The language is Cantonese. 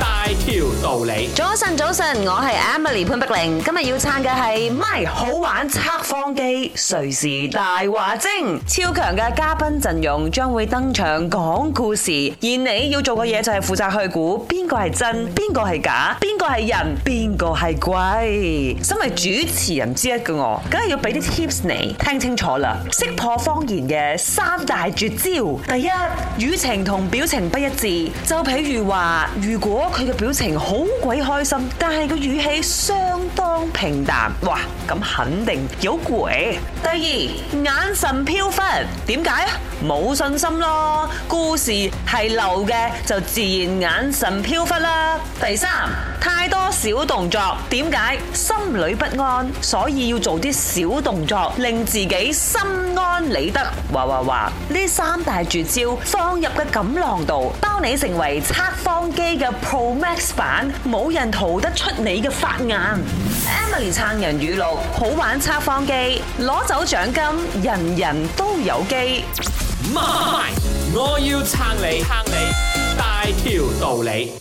大條道理，早晨早晨，我係 Emily 潘碧玲，今日要撐嘅係《咪好玩測謊機》，誰是大話精，超強嘅嘉賓陣容將會登場講故事，而你要做嘅嘢就係負責去估邊個係真，邊個係假，邊個係人，邊個係鬼。身為主持人之一嘅我，梗係要俾啲 tips 你，聽清楚啦，識破謊言嘅三大絕招：第一，語情同表情不一致，就譬如話如果。佢嘅表情好鬼開心，但係個語氣相當平淡。哇，咁肯定有鬼。第二，眼神飄忽，點解啊？冇信心咯。故事係流嘅，就自然眼神飄忽啦。第三，太多小動作，點解？心裏不安，所以要做啲小動作，令自己心安。你得哇哇哇！呢三大絕招放入個錦囊度，當你成為測謊機嘅 Pro Max 版，冇人逃得出你嘅法眼。Emily 撐人語錄，好玩測謊機，攞走獎金，人人都有機。我要撐你，撐你，大條道理。